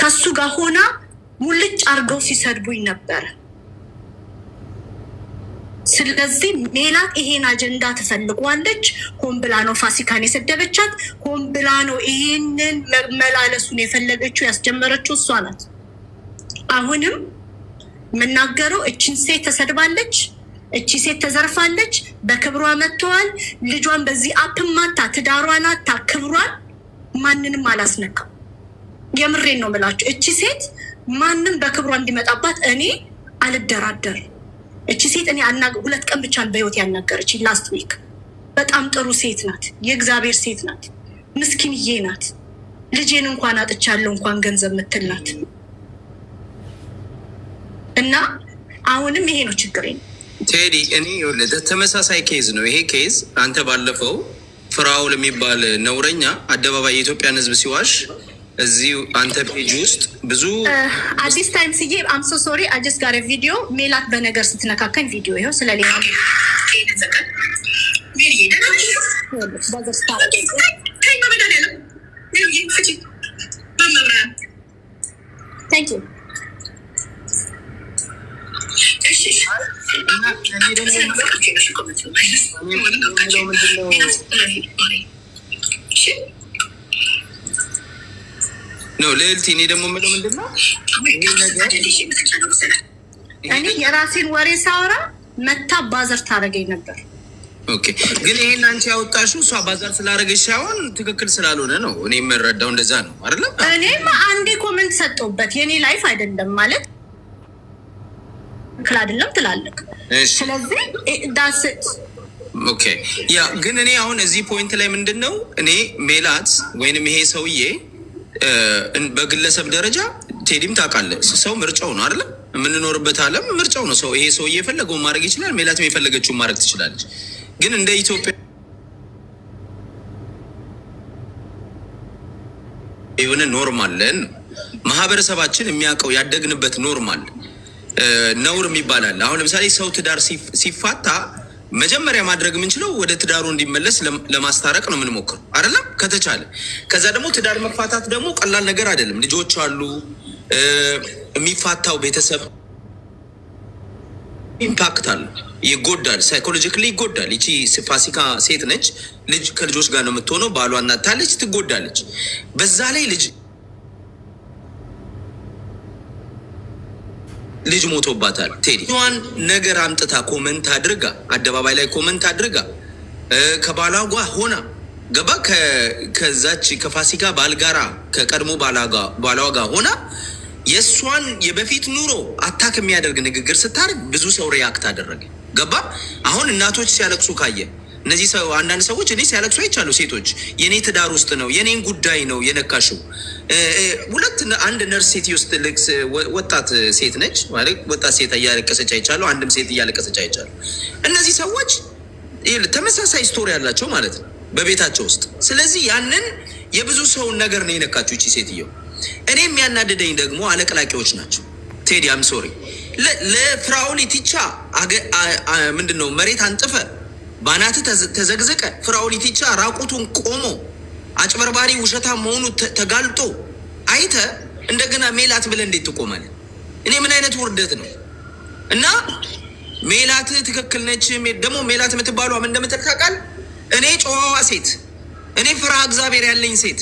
ከሱ ጋር ሆና ሙልጭ አርገው ሲሰድቡኝ ነበረ። ስለዚህ ሜላት ይሄን አጀንዳ ተፈልጓለች። ሆን ብላ ነው ፋሲካን የሰደበቻት። ሆን ብላ ነው ይሄንን መላለሱን የፈለገችው ያስጀመረችው እሷ ናት። አሁንም የምናገረው እችን ሴት ተሰድባለች፣ እቺ ሴት ተዘርፋለች፣ በክብሯ መጥተዋል። ልጇን በዚህ አፕማታ ትዳሯን አታ ክብሯን ማንንም አላስነካም። የምሬን ነው የምላቸው። እቺ ሴት ማንም በክብሯ እንዲመጣባት እኔ አልደራደር። እቺ ሴት እኔ ሁለት ቀን ብቻን በህይወት ያናገረች ላስት ዊክ። በጣም ጥሩ ሴት ናት፣ የእግዚአብሔር ሴት ናት፣ ምስኪንዬ ናት። ልጄን እንኳን አጥቻለሁ እንኳን ገንዘብ ምትል ናት። እና አሁንም ይሄ ነው ችግሬ ቴዲ። እኔ ተመሳሳይ ኬዝ ነው ይሄ ኬዝ። አንተ ባለፈው ፍራውል የሚባል ነውረኛ አደባባይ የኢትዮጵያን ህዝብ ሲዋሽ እዚህ አንተ ፔጅ ውስጥ ብዙ አዲስ ታይም ስዬ አምሶ ሶሪ አዲስ ጋር ቪዲዮ ሜላት በነገር ስትነካከኝ ቪዲዮ ይኸው ስለሌላ እኔ ነው ልዕልት። እኔ ደግሞ የምለው ምንድን ነው እኔ የራሴን ወሬ ሳወራ መታ ባዘር ታደርገኝ ነበር። ኦኬ ግን ይሄን አንቺ ያወጣሽው እሷ ባዛር ስላደረገች ሳይሆን ትክክል ስላልሆነ ነው። እኔ የምረዳው እንደዛ ነው አይደለም። እኔም አንዴ ኮመንት ሰጠውበት የእኔ ላይፍ አይደለም ማለት ትክክል አይደለም ትላለህ። ስለዚህ ዳስ ኦኬ ያ ግን እኔ አሁን እዚህ ፖይንት ላይ ምንድን ነው እኔ ሜላት ወይንም ይሄ ሰውዬ በግለሰብ ደረጃ ቴዲም ታውቃለህ፣ ሰው ምርጫው ነው አይደለም። የምንኖርበት ዓለም ምርጫው ነው። ሰው ይሄ ሰው የፈለገውን ማድረግ ይችላል። ሜላትም የፈለገችውን ማድረግ ትችላለች። ግን እንደ ኢትዮጵያ የሆነ ኖርማለን ማህበረሰባችን የሚያውቀው ያደግንበት ኖርማል ነውር ይባላል። አሁን ለምሳሌ ሰው ትዳር ሲፋታ መጀመሪያ ማድረግ የምንችለው ወደ ትዳሩ እንዲመለስ ለማስታረቅ ነው የምንሞክረው፣ አይደለም ከተቻለ። ከዛ ደግሞ ትዳር መፋታት ደግሞ ቀላል ነገር አይደለም። ልጆች አሉ፣ የሚፋታው ቤተሰብ ኢምፓክት አለ፣ ይጎዳል፣ ሳይኮሎጂካሊ ይጎዳል። ይቺ ፋሲካ ሴት ነች፣ ልጅ ከልጆች ጋር ነው የምትሆነው፣ ባሏ እናታለች፣ ትጎዳለች። በዛ ላይ ልጅ ልጅ ሞቶባታል። ቴዲ ዋን ነገር አምጥታ ኮመንት አድርጋ አደባባይ ላይ ኮመንት አድርጋ ከባሏ ሆና ገባ ከዛች ከፋሲካ ባል ጋራ ከቀድሞ ባሏ ሆና የእሷን የበፊት ኑሮ አታክ የሚያደርግ ንግግር ስታደርግ ብዙ ሰው ሪያክት አደረገ። ገባ አሁን እናቶች ሲያለቅሱ ካየ እነዚህ ሰው አንዳንድ ሰዎች እኔ ሲያለቅሱ አይቻሉ። ሴቶች የኔ ትዳር ውስጥ ነው የኔን ጉዳይ ነው የነካሽው። ሁለት አንድ ነርስ ውስጥ ልቅስ ወጣት ሴት ነች ማለት ወጣት ሴት እያለቀሰች አይቻሉ። አንድም ሴት እያለቀሰች አይቻሉ። እነዚህ ሰዎች ተመሳሳይ ስቶሪ ያላቸው ማለት ነው በቤታቸው ውስጥ። ስለዚህ ያንን የብዙ ሰውን ነገር ነው የነካችው ይቺ ሴትዮ። እኔ የሚያናድደኝ ደግሞ አለቅላቂዎች ናቸው። ቴዲ አም ሶሪ ለፍራኦል ኢቲቻ ምንድን ነው መሬት አንጥፈ ባናት ተዘግዘቀ። ፍራኦል ኢቲቻ ራቁቱን ቆሞ አጭበርባሪ ውሸታ መሆኑ ተጋልጦ አይተ እንደገና ሜላት ብለ እንዴት ትቆማለህ? እኔ ምን አይነት ውርደት ነው? እና ሜላት ትክክል ነች። ደግሞ ሜላት የምትባሉ ምን እንደምትልካቃል እኔ ጨዋዋ ሴት፣ እኔ ፍርሃ እግዚአብሔር ያለኝ ሴት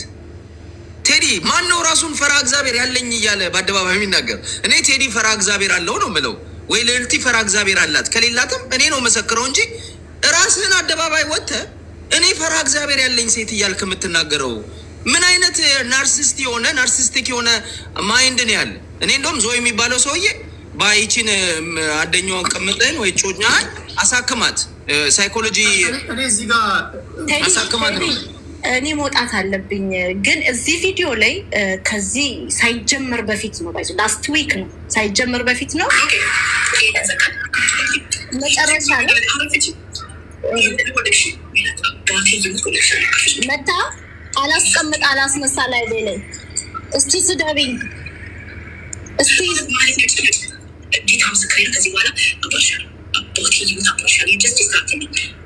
ቴዲ ማን ነው ራሱን ፈራ እግዚአብሔር ያለኝ እያለ በአደባባይ የሚናገር? እኔ ቴዲ ፈራ እግዚአብሔር አለው ነው ምለው፣ ወይ ልዕልቲ ፈራ እግዚአብሔር አላት። ከሌላትም እኔ ነው መሰክረው እንጂ ራስህን አደባባይ ወጥተ እኔ ፈራ እግዚአብሔር ያለኝ ሴት እያልክ የምትናገረው ምን አይነት ናርሲስት የሆነ ናርሲስቲክ የሆነ ማይንድ ነው ያለ? እኔ እንደውም ዞ የሚባለው ሰውዬ ባይቺን አደኛውን ቅምጥን ወይ ጮኛን አሳክማት ሳይኮሎጂ አሳክማት ነው። እኔ መውጣት አለብኝ ግን እዚህ ቪዲዮ ላይ ከዚህ ሳይጀምር በፊት ነው ላስት ዊክ ነው ሳይጀምር በፊት ነው መጨረሻ ላይ መታ አላስቀምጥ አላስነሳ ላይ ላይ እስቲ ስደብኝ እስቲ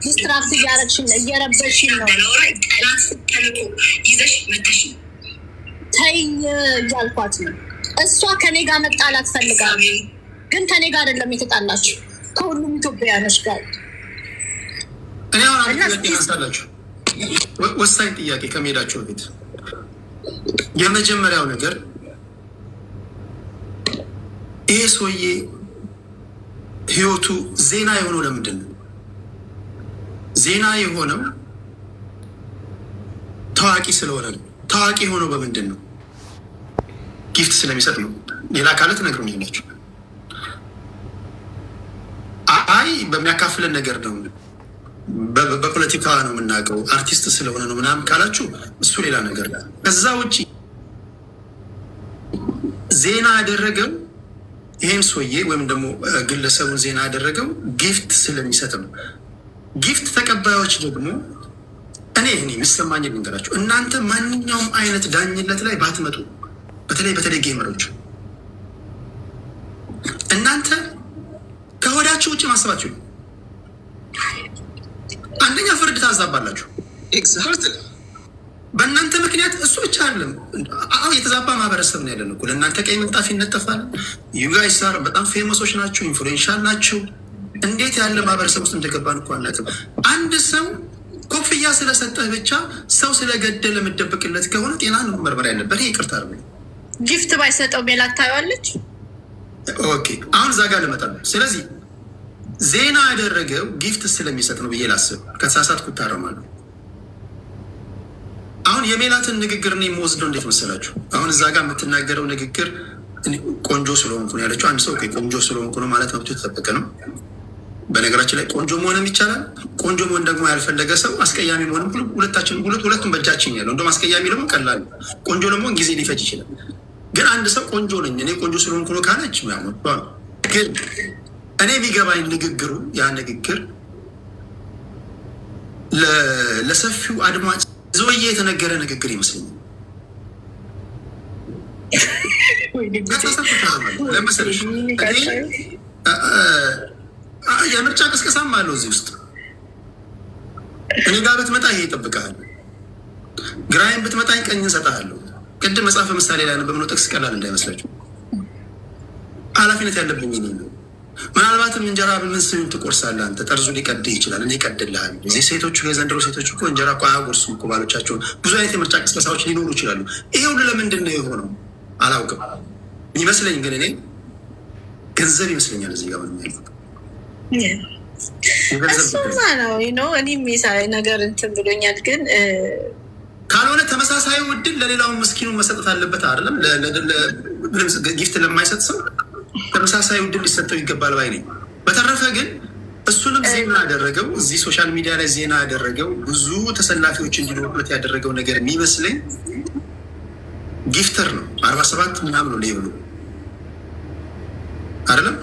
ዲስትራክት እያረግሽን ነው፣ እየረበሽን ነው። እያልኳት ነው። እሷ ከኔ ጋር መጣላት ግን ከኔ ጋር አይደለም የተጣላችው ከሁሉም ኢትዮጵያውያኖች ጋር ሳላችሁ ወሳኝ ጥያቄ ከመሄዳችሁ በፊት የመጀመሪያው ነገር ይሄ ሰውዬ ህይወቱ ዜና የሆነው ለምንድን ነው? ዜና የሆነው ታዋቂ ስለሆነ ነው። ታዋቂ የሆነው በምንድን ነው? ጊፍት ስለሚሰጥ ነው። ሌላ ካለት ነግሩን ይላቸው። አይ በሚያካፍለን ነገር ነው። በፖለቲካ ነው የምናውቀው አርቲስት ስለሆነ ነው ምናምን ካላችሁ እሱ ሌላ ነገር። ከዛ ውጭ ዜና ያደረገው ይህን ሰውዬ ወይም ደግሞ ግለሰቡን ዜና ያደረገው ጊፍት ስለሚሰጥ ነው። ጊፍት ተቀባዮች ደግሞ እኔ እኔ የሚሰማኝ ልንገራችሁ፣ እናንተ ማንኛውም አይነት ዳኝነት ላይ ባትመጡ፣ በተለይ በተለይ ጌመሮች እናንተ ከሆዳችሁ ውጭ ማሰባችሁ አንደኛ ፍርድ ታዛባላችሁ። ኤግዛክት በእናንተ ምክንያት እሱ ብቻ አለም አሁ የተዛባ ማህበረሰብ ነው ያለን እኮ። ለእናንተ ቀይ ምንጣፍ ይነጠፋል። ዩጋይሳር በጣም ፌመሶች ናቸው፣ ኢንፍሉዌንሻል ናቸው። እንዴት ያለ ማህበረሰብ ውስጥ እንደገባን እኮ አናውቅም። አንድ ሰው ኮፍያ ስለሰጠህ ብቻ ሰው ስለገደለ የምደበቅለት ከሆነ ጤና ነው መርመር ያለበት። ይሄ ይቅርታ አለ ጊፍት ባይሰጠው ሜላት ታየዋለች። ኦኬ አሁን እዛ ጋር ልመጣ ስለዚህ ዜና ያደረገው ጊፍት ስለሚሰጥ ነው ብዬ ላስብ። ከተሳሳትኩ እታረማለሁ። አሁን የሜላትን ንግግር እኔ የምወስደው እንዴት መሰላችሁ? አሁን እዛ ጋር የምትናገረው ንግግር ቆንጆ ስለሆንኩ ነው ያለችው። አንድ ሰው ቆንጆ ስለሆንኩ ነው ማለት መብቱ የተጠበቀ ነው። በነገራችን ላይ ቆንጆ መሆንም ይቻላል። ቆንጆ መሆን ደግሞ ያልፈለገ ሰው አስቀያሚ መሆንም ሁለታችን ሁለቱም በእጃችን ያለው እንደውም አስቀያሚ ደግሞ ቀላል፣ ቆንጆ ለመሆን ጊዜ ሊፈጅ ይችላል። ግን አንድ ሰው ቆንጆ ነኝ እኔ ቆንጆ ስለሆንኩ ነው ካለች ግን እኔ የሚገባኝ ንግግሩ ያ ንግግር ለሰፊው አድማጭ ዘወዬ የተነገረ ንግግር ይመስለኛል። ለመሰለሽ የምርጫ ቅስቀሳም አለው እዚህ ውስጥ እኔ ጋር ብትመጣ ይሄ ይጠብቃል፣ ግራይን ብትመጣኝ ቀኝ እንሰጣለሁ። ቅድም መጽሐፈ ምሳሌ ላይ ነበብነው ጥቅስ ቀላል እንዳይመስላችሁ ኃላፊነት ያለብኝ ምናልባትም እንጀራ ብምንስም ትቆርሳለህ አንተ ጠርዙ ሊቀድ ይችላል። እኔ ቀድልሃል። እዚህ ሴቶቹ የዘንድሮ ሴቶች እኮ እንጀራ እኮ አያጎርሱም እኮ ባሎቻቸውን። ብዙ አይነት የምርጫ ቅስቀሳዎች ሊኖሩ ይችላሉ። ይሄ ሁሉ ለምንድን ነው የሆነው? አላውቅም። ይመስለኝ ግን እኔ ገንዘብ ይመስለኛል እዚህ ጋር ምንም ያለው እሱማ ነው ነው እኔም የሳይ ነገር እንትን ብሎኛል። ግን ካልሆነ ተመሳሳይ ውድን ለሌላውን ምስኪኑ መሰጠት አለበት አይደለም? ጊፍት ለማይሰጥ ሰው ተመሳሳይ ውድል ሊሰጠው ይገባል ባይ ነኝ። በተረፈ ግን እሱንም ዜና ያደረገው እዚህ ሶሻል ሚዲያ ላይ ዜና ያደረገው ብዙ ተሰላፊዎች እንዲኖሩበት ያደረገው ነገር የሚመስለኝ ጊፍተር ነው። አርባ ሰባት ምናምን ነው ሌብሉ አይደለም።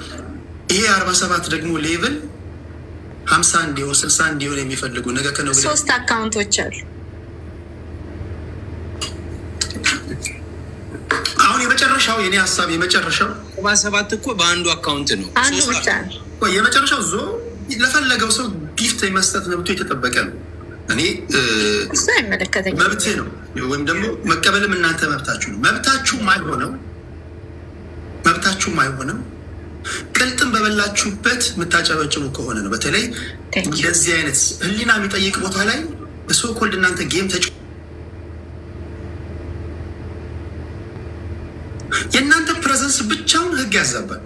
ይሄ አርባ ሰባት ደግሞ ሌብል ሀምሳ እንዲሆን ስልሳ እንዲሆን የሚፈልጉ ነገ ከነው ሶስት አካውንቶች አሉ የመጨረሻው የኔ ሀሳብ የመጨረሻው ሰባ ሰባት እኮ በአንዱ አካውንት ነው። አንዱ ብቻ የመጨረሻው ዞ ለፈለገው ሰው ጊፍት የመስጠት መብቱ የተጠበቀ ነው። እኔ መብትህ ነው ወይም ደግሞ መቀበልም እናንተ መብታችሁ ነው። መብታችሁ ማይሆነው መብታችሁ ማይሆነው ቅልጥም በበላችሁበት የምታጨበጭቡ ከሆነ ነው። በተለይ እንደዚህ አይነት ህሊና የሚጠይቅ ቦታ ላይ በሶኮልድ እናንተ ጌም ተጫ ብቻውን ህግ ያዛባል።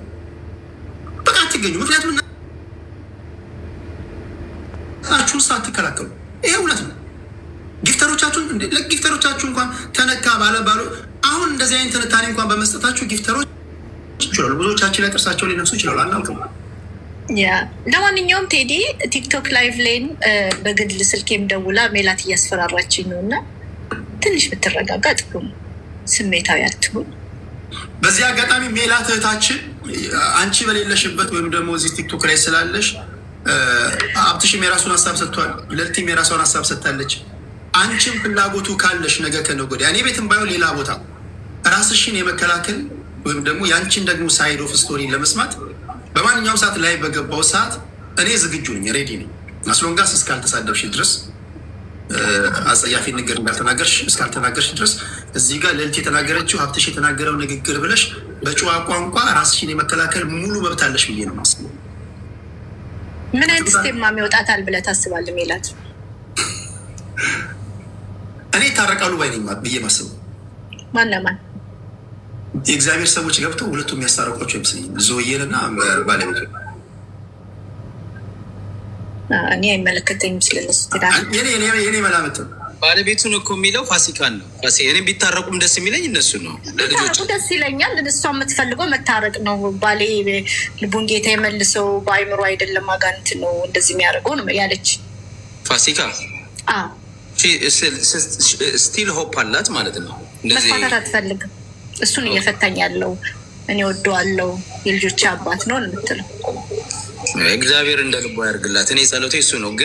በቃ አትገኙ። ምክንያቱም እናችሁን ሳትከላከሉ ይሄ እውነት ነው። ጊፍተሮቻችሁን ጊፍተሮቻችሁ እንኳን ተነካ ባለ ባሉ አሁን እንደዚህ አይነት ትንታኔ እንኳን በመስጠታችሁ ጊፍተሮች ይችላሉ ብዙዎቻችን ላይ ጥርሳቸው ሊነሱ ይችላሉ። አናውቅም። ያ ለማንኛውም ቴዲ ቲክቶክ ላይቭ ላይን በግል ስልኬም ደውላ ሜላት እያስፈራራችኝ ነው እና ትንሽ ብትረጋጋ ጥሩ ስሜታዊ አትሁን። በዚህ አጋጣሚ ሜላት እህታችን አንቺ በሌለሽበት ወይም ደግሞ እዚህ ቲክቶክ ላይ ስላለሽ አብትሽም የራሱን ሀሳብ ሰጥቷል፣ ለልቲም የራሷን ሀሳብ ሰጥታለች። አንቺም ፍላጎቱ ካለሽ ነገ ከነገ ወዲያ እኔ ቤትም ባይሆን ሌላ ቦታ ራስሽን የመከላከል ወይም ደግሞ የአንቺን ደግሞ ሳይድ ኦፍ ስቶሪ ለመስማት በማንኛውም ሰዓት ላይ በገባው ሰዓት እኔ ዝግጁ ነኝ፣ ሬዲ ነኝ። አስሎንጋስ እስካልተሳደብሽ ድረስ አጸያፊ ንግር እንዳልተናገርሽ እስካልተናገርሽ ድረስ እዚህ ጋር ልዕልት የተናገረችው ሀብትሽ የተናገረው ንግግር ብለሽ በጨዋ ቋንቋ ራስሽን የመከላከል ሙሉ መብት አለሽ ብዬ ነው ማስ ምን አይነት ስቴማ ይወጣታል ብለ ታስባል ሚላት እኔ ይታረቃሉ ባይ ብዬ ማስቡ ማን ለማን የእግዚአብሔር ሰዎች ገብተው ሁለቱ የሚያስታረቋቸው ይመስለኝ ዞዬንና ባለቤቱ እኔ አይመለከተኝም ስለነሱ ትዳር የኔ መላምት ነው ባለቤቱን እኮ የሚለው ፋሲካን ነው። እኔ ቢታረቁም ደስ የሚለኝ እነሱ ነው። ለልጆቹ ደስ ይለኛል። እሷ የምትፈልገው መታረቅ ነው። ባሌ ልቡን ጌታ የመልሰው በአይምሮ አይደለም አጋንት ነው እንደዚህ የሚያደርገው ነው ያለች ፋሲካ። ስቲል ሆፕ አላት ማለት ነው። መፋታት አትፈልግም። እሱን እየፈታኝ ያለው እኔ ወደዋለው የልጆች አባት ነው የምትለው እግዚአብሔር እንደ ያደርግላት። እኔ ጸሎቴ እሱ ነው ግን